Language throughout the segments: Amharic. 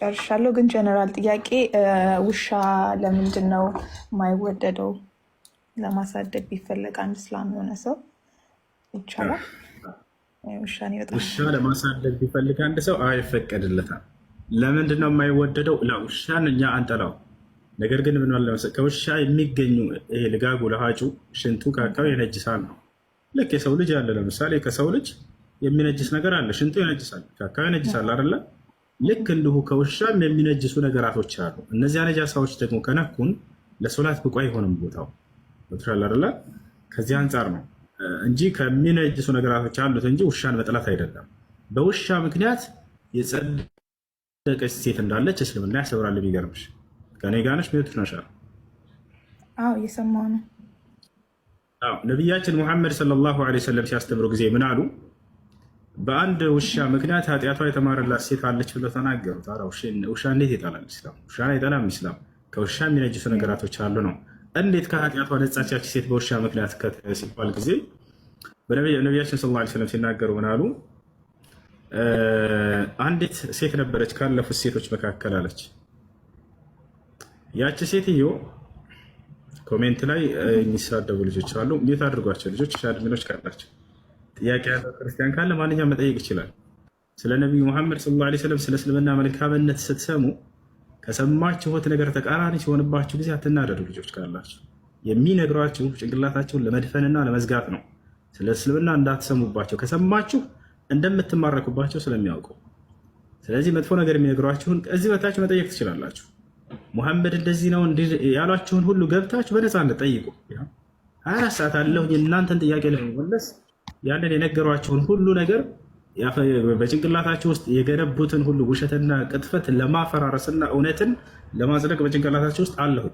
ጨርሻለሁ። ግን ጀነራል ጥያቄ ውሻ ለምንድን ነው የማይወደደው? ለማሳደግ ቢፈለግ አንድ ስላም የሆነ ሰው ይቻላል? ውሻ ለማሳደግ ቢፈልግ አንድ ሰው አይፈቀድለታል። ለምንድን ነው የማይወደደው? ውሻን እኛ አንጠላው። ነገር ግን ምን ለመሰ ከውሻ የሚገኙ ይሄ ልጋጉ፣ ለሀጩ፣ ሽንቱ፣ ከአካባቢ የነጅሳል ነው። ልክ የሰው ልጅ አለ። ለምሳሌ ከሰው ልጅ የሚነጅስ ነገር አለ። ሽንቱ ይነጅሳል፣ ካካው ይነጅሳል አይደለም። ልክ እንዲሁ ከውሻም የሚነጅሱ ነገራቶች አሉ። እነዚያ ነጃሳዎች ደግሞ ከነኩን ለሶላት ብቁ አይሆንም ቦታው ትላለ። ከዚህ አንጻር ነው እንጂ ከሚነጅሱ ነገራቶች አሉት እንጂ ውሻን መጥላት አይደለም። በውሻ ምክንያት የጸደቀች ሴት እንዳለች እስልምና ያሰብራል። የሚገርምሽ ከኔ ጋነሽ ሚቱ ነሻል የሰማ ነው ነቢያችን ሙሐመድ ሰለላሁ ዐለይሂ ወሰለም ሲያስተምሩ ጊዜ ምን አሉ? በአንድ ውሻ ምክንያት ኃጢአቷ የተማረላት ሴት አለች ብለው ተናገሩት። አ ውሻ እንዴት ይጠላል? ኢስላም ውሻ አይጠላም። ኢስላም ከውሻ የሚነጅሱ ነገራቶች አሉ ነው። እንዴት ከኃጢአቷ ነጻቻች ሴት በውሻ ምክንያት ሲባል ጊዜ በነቢያችን ስ ላ ስለም ሲናገሩ ምናሉ? አሉ? አንዲት ሴት ነበረች ካለፉት ሴቶች መካከል አለች። ያቺ ሴትዮ ኮሜንት ላይ የሚሳደቡ ልጆች አሉ። ሚዩት አድርጓቸው ልጆች፣ ሻድሚኖች ካላቸው ጥያቄ ያለው ክርስቲያን ካለ ማንኛውም መጠየቅ ይችላል። ስለ ነቢዩ መሐመድ ሰለላሁ ዓለይሂ ወሰለም ስለ እስልምና መልካምነት ስትሰሙ ከሰማችሁት ነገር ተቃራኒ ሲሆንባችሁ ጊዜ አትናደዱ። ልጆች ካላችሁ የሚነግሯችሁ ጭንቅላታችሁን ለመድፈንና ለመዝጋት ነው። ስለ እስልምና እንዳትሰሙባቸው ከሰማችሁ እንደምትማረኩባቸው ስለሚያውቁ። ስለዚህ መጥፎ ነገር የሚነግሯችሁን ከዚህ በታች መጠየቅ ትችላላችሁ። ሙሐመድ እንደዚህ ነው ያሏችሁን ሁሉ ገብታችሁ በነፃነት ጠይቁ። ሀያ አራት ሰዓት አለሁኝ እናንተን ጥያቄ ለመመለስ ያንን የነገሯቸውን ሁሉ ነገር በጭንቅላታቸው ውስጥ የገነቡትን ሁሉ ውሸትና ቅጥፈት ለማፈራረስና እውነትን ለማጽደቅ በጭንቅላታቸው ውስጥ አለሁ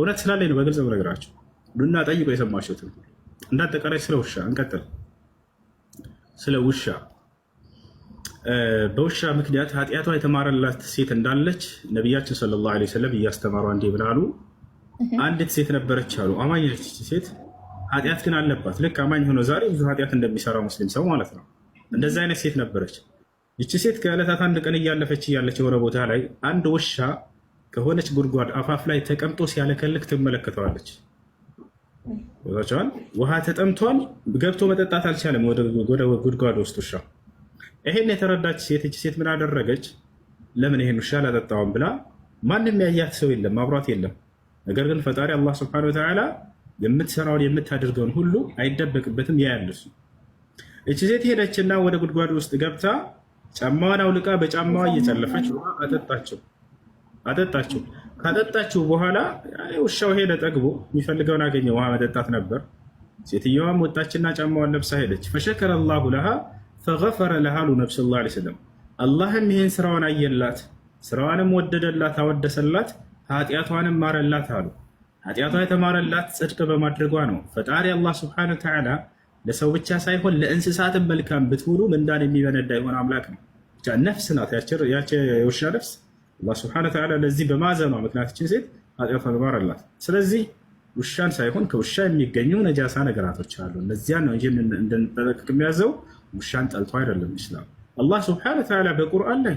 እውነት ስላለኝ ነው። በግልጽ ነገራቸው ዱና ጠይቆ የሰማችሁትን እንደ ስለ ውሻ እንቀጥል። ስለ ውሻ በውሻ ምክንያት ኃጢአቷ የተማረላት ሴት እንዳለች ነቢያችን ሰለላሁ ዐለይሂ ወሰለም እያስተማሩ አንዴ ብላሉ። አንዲት ሴት ነበረች አሉ አማኝ ነች ሴት ኃጢአት ግን አለባት። ልክ አማኝ ሆኖ ዛሬ ብዙ ኃጢአት እንደሚሰራ ሙስሊም ሰው ማለት ነው። እንደዚ አይነት ሴት ነበረች። ይቺ ሴት ከዕለታት አንድ ቀን እያለፈች እያለች የሆነ ቦታ ላይ አንድ ውሻ ከሆነች ጉድጓድ አፋፍ ላይ ተቀምጦ ሲያለከልክ ትመለከተዋለች። ቸዋል ውሃ ተጠምቷል፣ ገብቶ መጠጣት አልቻለም። ወደ ጉድጓድ ውስጥ ውሻ ይሄን የተረዳች ሴት ይቺ ሴት ምን አደረገች? ለምን ይሄን ውሻ አላጠጣውም ብላ ማንም ያያት ሰው የለም፣ አብሯት የለም። ነገር ግን ፈጣሪ አላህ ስብሐነሁ ወተዓላ የምትሰራውን የምታደርገውን ሁሉ አይደበቅበትም፣ ያያል እች ሴት ሄደችና ወደ ጉድጓድ ውስጥ ገብታ ጫማዋን አውልቃ በጫማዋ እየጨለፈች አጠጣቸው አጠጣቸው። ካጠጣችው በኋላ ውሻው ሄደ ጠግቦ የሚፈልገውን አገኘ። ውሃ መጠጣት ነበር። ሴትየዋም ወጣችና ጫማዋን ለብሳ ሄደች። ፈሸከረ ላሁ ለሃ ፈገፈረ ለሃሉ ነብስ ላ ስለም። አላህም ይሄን ስራዋን አየላት፣ ስራዋንም ወደደላት፣ አወደሰላት፣ ኃጢአቷንም ማረላት አሉ ኃጢአቷ የተማረላት ጽድቅ በማድረጓ ነው። ፈጣሪ አላህ ስብሐነ ወተዓላ ለሰው ብቻ ሳይሆን ለእንስሳትን መልካም ብትውሉ ምንዳን የሚበነዳ የሆነ አምላክ ነው። ነፍስ ናት ያቺ የውሻ ነፍስ። አላህ ስብሐነ ወተዓላ ለዚህ በማዘኗ ምክንያት ይህችን ሴት ኃጢአቷ ተማረላት። ስለዚህ ውሻን ሳይሆን ከውሻ የሚገኙ ነጃሳ ነገራቶች አሉ። እነዚያን ነው እንጂ እንድንጠነቀቅ የሚያዘው ውሻን ጠልቶ አይደለም ይችላል። አላህ ስብሐነ ወተዓላ በቁርአን ላይ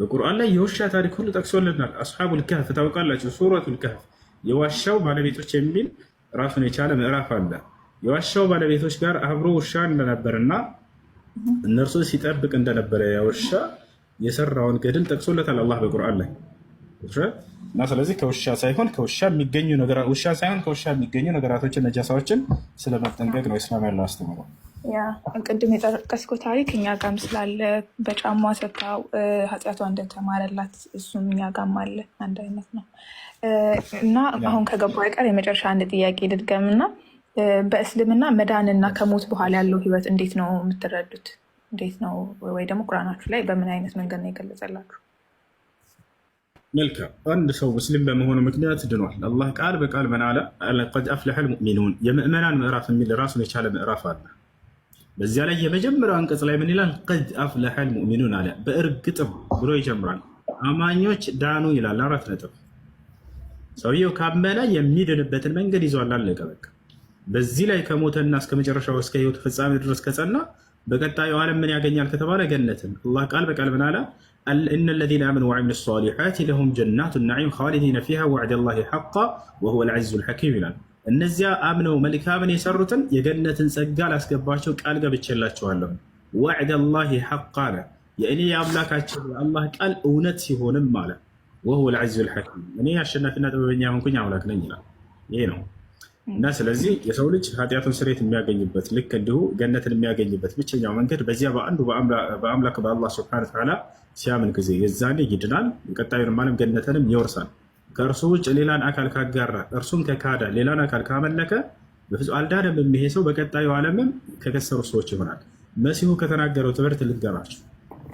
በቁርአን ላይ የውሻ ታሪክ ሁሉ ጠቅሶልናል። አስሓቡል ከህፍ ታውቃላችሁ፣ ሱረቱል ከህፍ የዋሻው ባለቤቶች የሚል ራሱን የቻለ ምዕራፍ አለ። የዋሻው ባለቤቶች ጋር አብሮ ውሻ እንደነበርና እነርሱ ሲጠብቅ እንደነበረ ያ ውሻ የሰራውን ገድል ጠቅሶለታል አላህ በቁርአን ላይ እና ስለዚህ ከውሻ ሳይሆን ከውሻ የሚገኙ ነገራ ውሻ ሳይሆን ከውሻ የሚገኙ ነገራቶችን ነጃሳዎችን ስለመጠንቀቅ ነው ኢስላም ያለው አስተምሯል። ቅድም የጠቀስኩ ታሪክ እኛ ጋም ስላለ በጫማ ሰታው ኃጢአቷ እንደተማረላት እሱም እኛ ጋም አለ። አንድ አይነት ነው እና አሁን ከገባ ቀር የመጨረሻ አንድ ጥያቄ ድድገም እና በእስልምና መዳንና ከሞት በኋላ ያለው ህይወት እንዴት ነው የምትረዱት? እንዴት ነው ወይ ደግሞ ቁርአናችሁ ላይ በምን አይነት መንገድ ነው የገለጸላችሁ? መልካም አንድ ሰው ሙስሊም በመሆኑ ምክንያት ድኗል። አላህ ቃል በቃል መናለ ቀድ አፍለሐል ሙእሚኑን የምእመናን ምዕራፍ የሚል ራሱን የቻለ ምዕራፍ አለ። በዚያ ላይ የመጀመሪያው አንቀጽ ላይ ምን ይላል? ቀድ አፍለሐል ሙእሚኑን አለ። በእርግጥም ብሎ ይጀምራል። አማኞች ዳኑ ይላል። አራት ነጥብ። ሰውየው ካመነ የሚድንበትን መንገድ ይዟል። አለቀ በቃ። በዚህ ላይ ከሞተና እስከ መጨረሻው እስከ ህይወት ፍጻሜ ድረስ ከጸና በቀጣዩ ዓለም ምን ያገኛል ከተባለ ገነትን። አላህ ቃል በቃል ምን አለ? እነ ለዚነ አመኑ ወዐሚሉ ሷሊሓት ለሁም ጀናቱ ናዒም ኻሊዲነ ፊሃ ወዕደ ሐቃ ወሁወል ዐዚዙል ሐኪም ይላል። እነዚያ አምነው መልካምን የሰሩትን የገነትን ጸጋ ላስገባቸው ቃል ገብቼላቸዋለሁ። ወዕደ ላሂ ሐቅ አለ የእኔ የአምላካቸው የአላህ ቃል እውነት ሲሆንም አለ ወሁ ልዓዚዙል ልሐኪም እኔ አሸናፊና ጥበበኛ ሆንኩኝ አምላክ ነኝ ይላል። ይህ ነው እና ስለዚህ የሰው ልጅ ኃጢአቱን ስሬት የሚያገኝበት ልክ እንዲሁ ገነትን የሚያገኝበት ብቸኛው መንገድ በዚያ በአንዱ በአምላክ በአላህ ስብሐነ ወተዓላ ሲያምን ጊዜ የዛኔ ይድናል። ቀጣዩንም ዓለም ገነትንም ይወርሳል። ከእርሱ ውጭ ሌላን አካል ካጋራ እርሱም ከካዳ ሌላን አካል ካመለከ በፍጹም አልዳነም። የሚሄ ሰው በቀጣዩ ዓለምም ከከሰሩ ሰዎች ይሆናል። መሲሁ ከተናገረው ትምህርት ልንገራችሁ።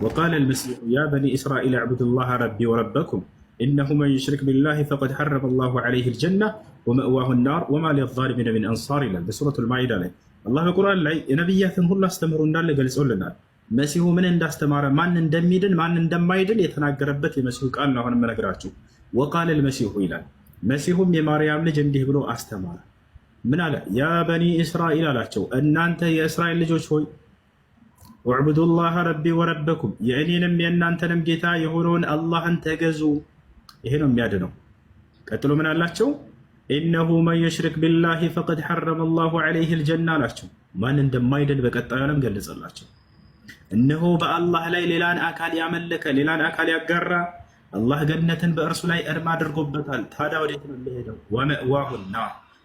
ወቃለ ልመሲሑ ያ በኒ እስራኤል አዕቡዱ ላህ ረቢ ወረበኩም ኢነሁ መን ዩሽሪክ ቢላህ ፈቀድ ሐረመ ላሁ ዓለይህ ልጀና ወመእዋሁ ናር ወማ ሊዛሊሚነ ሚን አንሳር ይላል በሱረት ልማይዳ ላይ አላህ በቁርአን ላይ የነቢያትን ሁሉ አስተምህሮ እንዳለ ገልጾልናል። መሲሁ ምን እንዳስተማረ ማን እንደሚድን ማን እንደማይድን የተናገረበት የመሲሁ ቃል ነው። አሁን መነግራችሁ ወቃለል መሲሁ ይላል። መሲሁም የማርያም ልጅ እንዲህ ብሎ አስተማረ። ምን አለ? ያ በኒ እስራኤል አላቸው፣ እናንተ የእስራኤል ልጆች ሆይ ኡዕቡዱላህ ረቢ ወረበኩም፣ የእኔንም የእናንተንም ጌታ የሆነውን አላህን ተገዙ። ይሄ ነው የሚያድነው። ቀጥሎ ምን አላቸው? ኢነሁ መን ዩሽሪክ ቢላሂ ፈቀድ ሐረመ ላሁ ዐለይህ ልጀና አላቸው። ማን እንደማይድን በቀጣዩ ዓለም ገለጸላቸው። እነሆ በአላህ ላይ ሌላን አካል ያመለከ ሌላን አካል ያጋራ አላህ ገነትን በእርሱ ላይ እርም አድርጎበታል። ታዲያ ወዴት ነው የሚሄደው? ወመእዋሁና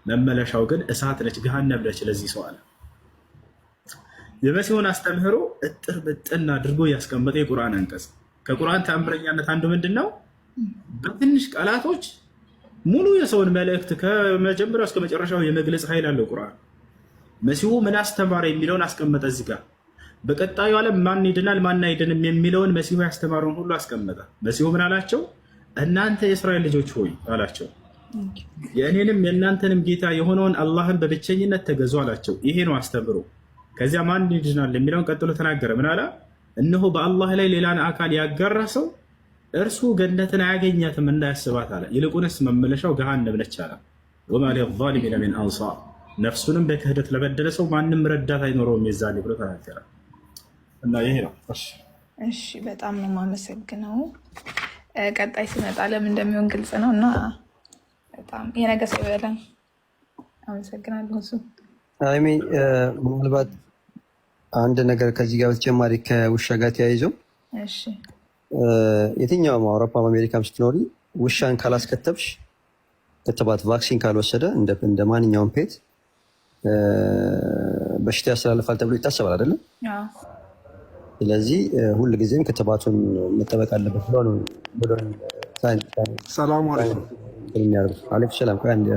መመለሻው ግን እሳት ነች፣ ገሃነም ነች። ለዚህ ሰው አለ የመሲሆን አስተምህሮ እጥር ብጥን አድርጎ ያስቀመጠ የቁርአን አንቀጽ። ከቁርአን ተአምረኛነት አንዱ ምንድን ነው? በትንሽ ቃላቶች ሙሉ የሰውን መልእክት ከመጀመሪያው እስከ መጨረሻው የመግለጽ ኃይል አለው ቁርአን። መሲሁ ምን አስተማረ የሚለውን አስቀመጠ እዚህ ጋር በቀጣዩ ዓለም ማን ይድናል ማን አይድንም የሚለውን መሲሁ ያስተማረውን ሁሉ አስቀመጠ። መሲሁ ምን አላቸው? እናንተ የእስራኤል ልጆች ሆይ አላቸው፣ የእኔንም የእናንተንም ጌታ የሆነውን አላህን በብቸኝነት ተገዙ አላቸው። ይሄ ነው አስተምሮ። ከዚያ ማን ይድናል የሚለውን ቀጥሎ ተናገረ። ምን አላ? እነሆ በአላህ ላይ ሌላን አካል ያጋራ ሰው እርሱ ገነትን አያገኛትም እንዳያስባት አለ። ይልቁንስ መመለሻው ገሃነም ነች አለ። ወማ ሊዛሊሚነ ሚን አንሳር፣ ነፍሱንም በክህደት ለበደለ ሰው ማንም ረዳት አይኖረውም የዛኔ ብሎ ተናገራል። እና ይሄ ነው። እሺ፣ በጣም ነው የማመሰግነው። ቀጣይ ሲመጣ ለምን እንደሚሆን ግልጽ ነው እና በጣም የነገ ሰው ይበለን። አመሰግናለሁ። እሱ አይሜ ምናልባት አንድ ነገር ከዚህ ጋር በተጨማሪ ከውሻ ጋር ተያይዘው የትኛውም አውሮፓ አሜሪካም ስትኖሪ ውሻን ካላስከተብሽ ክትባት ቫክሲን ካልወሰደ እንደ ማንኛውም ፔት በሽታ ያስተላልፋል ተብሎ ይታሰባል አይደለም? ስለዚህ ጊዜም ክትባቱን መጠበቅ አለበት ብሎ ነው። ሰላሙ ሰላም።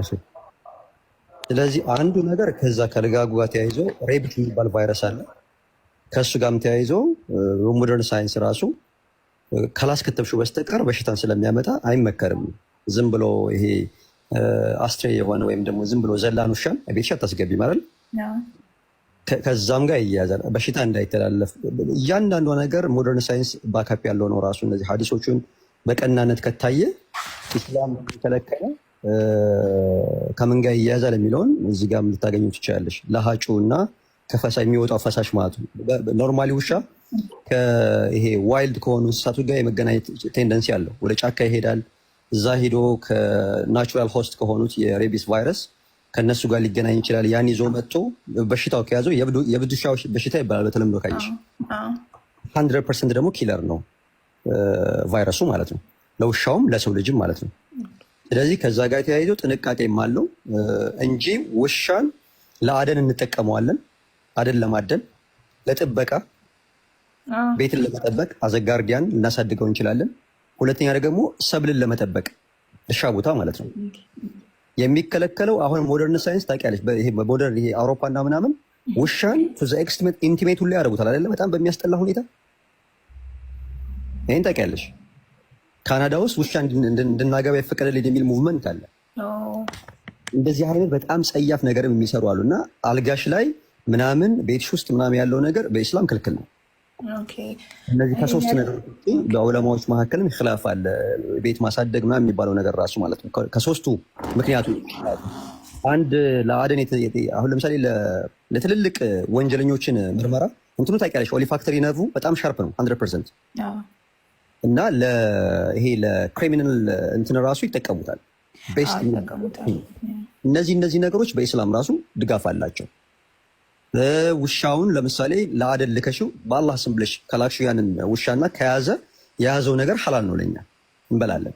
ስለዚህ አንዱ ነገር ከዛ ከልጋጉ ጋር ተያይዞ ሬቢት የሚባል ቫይረስ አለ። ከእሱ ጋርም ተያይዞ ሞደርን ሳይንስ ራሱ ከላስ ካላስከተብሽው በስተቀር በሽታን ስለሚያመጣ አይመከርም። ዝም ብሎ ይሄ አስትሬ የሆነ ወይም ደግሞ ዝም ብሎ ዘላን ውሻን ቤትሽ አታስገቢ ማለት ከዛም ጋር ይያያዛል። በሽታ እንዳይተላለፍ እያንዳንዷ ነገር ሞደርን ሳይንስ ባካፕ ያለው ነው። ራሱ እነዚህ ሀዲሶቹን በቀናነት ከታየ ኢስላም ከለከለ ከምን ጋር ይያያዛል የሚለውን እዚህ ልታገኙ ትችላለች። ለሀጩ እና ከፈሳ የሚወጣው ፈሳሽ ማለት ነው። ኖርማሊ ውሻ ይሄ ዋይልድ ከሆኑ እንስሳቶች ጋር የመገናኘት ቴንደንሲ አለው። ወደ ጫካ ይሄዳል። እዛ ሂዶ ከናቹራል ሆስት ከሆኑት የሬቢስ ቫይረስ ከእነሱ ጋር ሊገናኝ ይችላል። ያን ይዞ መጥቶ በሽታው ከያዘው የብዱሻ በሽታ ይባላል በተለምዶ ካየሽ። ሀንድረድ ፐርሰንት ደግሞ ኪለር ነው ቫይረሱ ማለት ነው፣ ለውሻውም ለሰው ልጅም ማለት ነው። ስለዚህ ከዛ ጋር የተያይዘው ጥንቃቄም አለው እንጂ ውሻን ለአደን እንጠቀመዋለን። አደን ለማደን፣ ለጥበቃ፣ ቤትን ለመጠበቅ አዘጋርዲያን ልናሳድገው እንችላለን። ሁለተኛ ደግሞ ሰብልን ለመጠበቅ እርሻ ቦታ ማለት ነው። የሚከለከለው አሁን ሞደርን ሳይንስ ታውቂያለሽ፣ ሞደርን ይሄ አውሮፓና ምናምን ውሻን ቱዘ ኢንቲሜት ሁላ ያደርጉታል አይደለ? በጣም በሚያስጠላ ሁኔታ ይህን ታውቂያለሽ። ካናዳ ውስጥ ውሻ እንድናገባ ይፈቀደልን የሚል ሙቭመንት አለ። እንደዚህ አይነት በጣም ጸያፍ ነገርም የሚሰሩ አሉ እና አልጋሽ ላይ ምናምን ቤትሽ ውስጥ ምናምን ያለው ነገር በኢስላም ክልክል ነው። እነዚህ ከሶስት ነገር በዑለማዎች መካከልም ኺላፍ አለ። ቤት ማሳደግ ምናምን የሚባለው ነገር ራሱ ማለት ነው። ከሶስቱ ምክንያቱ አንድ ለአደን አሁን ለምሳሌ ለትልልቅ ወንጀለኞችን ምርመራ እንትኑ ታውቂያለሽ፣ ኦሊፋክተሪ ነርቭ በጣም ሻርፕ ነው ሀንድረድ ፐርሰንት እና ይሄ ለክሪሚናል እንትን ራሱ ይጠቀሙታል። እነዚህ እነዚህ ነገሮች በኢስላም ራሱ ድጋፍ አላቸው። ውሻውን ለምሳሌ ለአደል ልከሽው በአላህ ስም ብለሽ ከላክሽው ያንን ውሻና ከያዘ የያዘው ነገር ሀላል ነው ለኛ እንበላለን።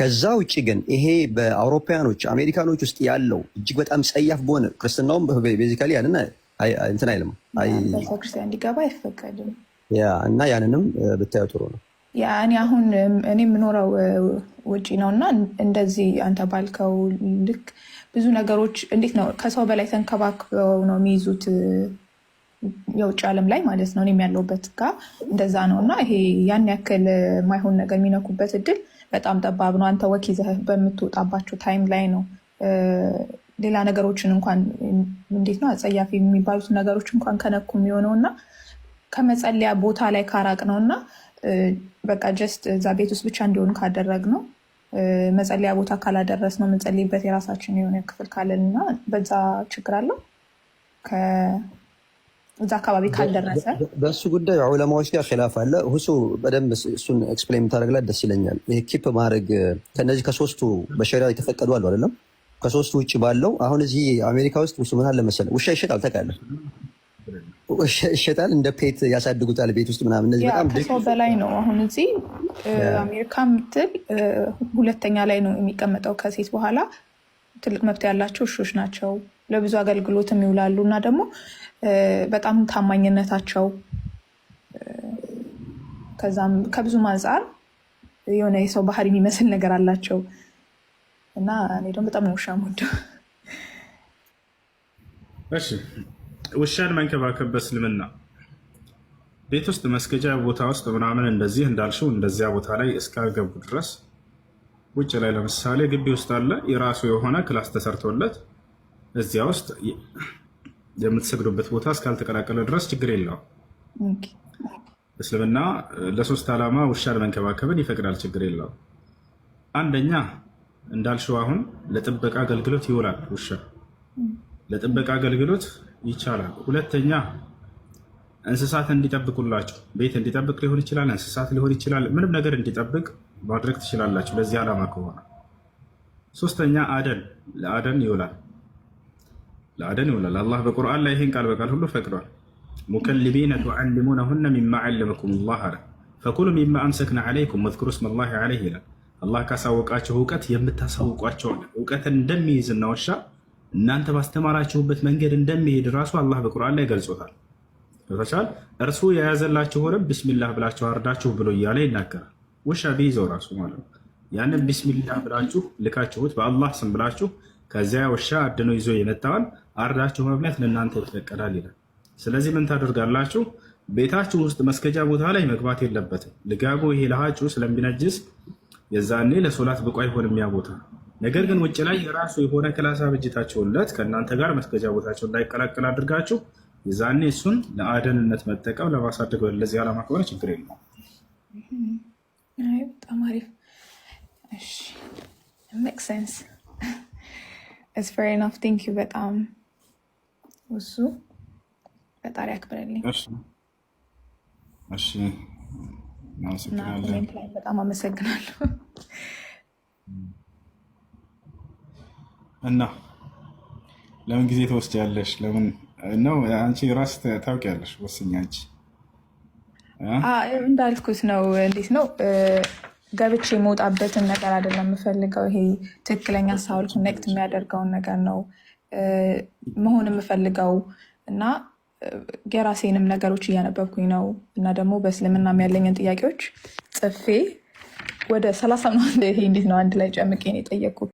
ከዛ ውጭ ግን ይሄ በአውሮፓያኖች አሜሪካኖች ውስጥ ያለው እጅግ በጣም ጸያፍ በሆነ ክርስትናውም ቤዚካሊ ያንን እንትን አይልም፣ ቤተክርስቲያን እንዲገባ አይፈቀድም። ያ እና ያንንም ብታዩ ጥሩ ነው። እኔ አሁን እኔ የምኖረው ውጪ ነው እና እንደዚህ አንተ ባልከው ልክ ብዙ ነገሮች እንዴት ነው ከሰው በላይ ተንከባክበው ነው የሚይዙት የውጭ ዓለም ላይ ማለት ነው። እኔም ያለሁበት እንደዛ ነው እና ይሄ ያን ያክል ማይሆን ነገር የሚነኩበት እድል በጣም ጠባብ ነው። አንተ ወኪ ይዘህ በምትወጣባቸው ታይም ላይ ነው ሌላ ነገሮችን እንኳን እንዴት ነው አጸያፊ የሚባሉት ነገሮች እንኳን ከነኩ የሚሆነው እና ከመጸለያ ቦታ ላይ ካራቅ ነው እና በቃ ጀስት እዛ ቤት ውስጥ ብቻ እንዲሆኑ ካደረግ ነው መጸለያ ቦታ ካላደረስ ነው የምንጸልይበት የራሳችን የሆነ ክፍል ካለን እና በዛ ችግር አለው። እዛ አካባቢ ካልደረሰ በእሱ ጉዳይ ዑለማዎች ጋር ኪላፍ አለ። ሁሱ በደንብ እሱን ኤክስፕሌን የምታደርግላት ደስ ይለኛል። ኪፕ ማድረግ ከነዚህ ከሶስቱ በሸሪያ የተፈቀዱ አሉ አይደለም። ከሶስቱ ውጭ ባለው አሁን እዚህ አሜሪካ ውስጥ ውሱ ምን አለ መሰለህ ውሻ ይሸጣል ታውቃለህ ይሸጣል፣ እንደ ፔት ያሳድጉታል ቤት ውስጥ ምናምን። እነዚህ በጣም ከሰው በላይ ነው። አሁን እዚህ አሜሪካ ምትል ሁለተኛ ላይ ነው የሚቀመጠው ከሴት በኋላ። ትልቅ መብት ያላቸው እሾች ናቸው። ለብዙ አገልግሎትም ይውላሉ እና ደግሞ በጣም ታማኝነታቸው ከዛም ከብዙም አንጻር የሆነ የሰው ባህሪ የሚመስል ነገር አላቸው እና እኔ ደግሞ በጣም ነው ውሻ ውሻን መንከባከብ በእስልምና ቤት ውስጥ መስገጃ ቦታ ውስጥ ምናምን እንደዚህ እንዳልሽው እንደዚያ ቦታ ላይ እስካልገቡ ድረስ ውጭ ላይ ለምሳሌ ግቢ ውስጥ አለ የራሱ የሆነ ክላስ ተሰርቶለት እዚያ ውስጥ የምትሰግዱበት ቦታ እስካልተቀላቀለ ድረስ ችግር የለውም። እስልምና ለሶስት ዓላማ ውሻን መንከባከብን ይፈቅዳል። ችግር የለውም። አንደኛ እንዳልሽው አሁን ለጥበቃ አገልግሎት ይውላል። ውሻ ለጥበቃ አገልግሎት ይቻላል። ሁለተኛ እንስሳት እንዲጠብቁላቸው ቤት እንዲጠብቅ ሊሆን ይችላል፣ እንስሳት ሊሆን ይችላል፣ ምንም ነገር እንዲጠብቅ ማድረግ ትችላላችሁ ለዚህ ዓላማ ከሆነ። ሶስተኛ አደን ለአደን ይውላል፣ ለአደን ይውላል። አላህ በቁርአን ላይ ይህን ቃል በቃል ሁሉ ፈቅዷል። ሙከልቢነ ቱዓሊሙነሁነ ሚማ ዓለመኩም ላህ አለ። ፈኩሉ ሚማ አምሰክና ዓለይኩም ወዝኩሩ ስመላ ዓለይህ ይላል። አላህ ካሳወቃቸው እውቀት የምታሳውቋቸው እውቀትን እንደሚይዝና ውሻ እናንተ ባስተማራችሁበት መንገድ እንደሚሄድ እራሱ አላህ በቁርአን ላይ ገልጾታል። ተቻል እርሱ የያዘላችሁንም ቢስሚላህ ብላችሁ አርዳችሁ ብሎ እያለ ይናገራል። ውሻ ቢይዘው ራሱ ማለት ነው። ያንን ቢስሚላህ ብላችሁ ልካችሁት በአላህ ስም ብላችሁ ከዚያ ውሻ አድኖ ይዞ የመጣዋል አርዳችሁ መብላት ለእናንተ ይፈቀዳል ይላል። ስለዚህ ምን ታደርጋላችሁ? ቤታችሁ ውስጥ መስገጃ ቦታ ላይ መግባት የለበትም። ልጋጎ ይሄ ለሃጩ ስለሚነጅስ የዛኔ ለሶላት ብቁ አይሆንም ያ ቦታ ነገር ግን ውጭ ላይ የራሱ የሆነ ክላስ አብጅታችሁለት ከእናንተ ጋር መስገጃ ቦታቸው እንዳይቀላቀል አድርጋችሁ የዛኔ እሱን ለአደንነት መጠቀም ለማሳደግ ለዚህ ዓላማ ከሆነ ችግር የለውም። በጣም አሪፍ ዩ በጣም እሱ ፈጣሪ በጣም አመሰግናለሁ። እና ለምን ጊዜ ትወስጃለሽ? ለምን ነው አንቺ ራስ ታውቂያለሽ። ወስኛች እንዳልኩት ነው። እንዴት ነው ገብቼ የመውጣበትን ነገር አይደለም የምፈልገው። ይሄ ትክክለኛ ሳውል ኮኔክት የሚያደርገውን ነገር ነው መሆን የምፈልገው እና የራሴንም ነገሮች እያነበብኩኝ ነው እና ደግሞ በእስልምና ያለኝን ጥያቄዎች ጽፌ ወደ ሰላሳ ነው። ይሄ እንዴት ነው አንድ ላይ ጨምቄ ነው የጠየቅኩት።